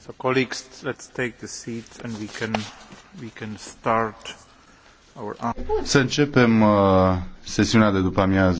So, colleagues, let's take the seat and we can, we can start our... Să începem uh, sesiunea de după amiază.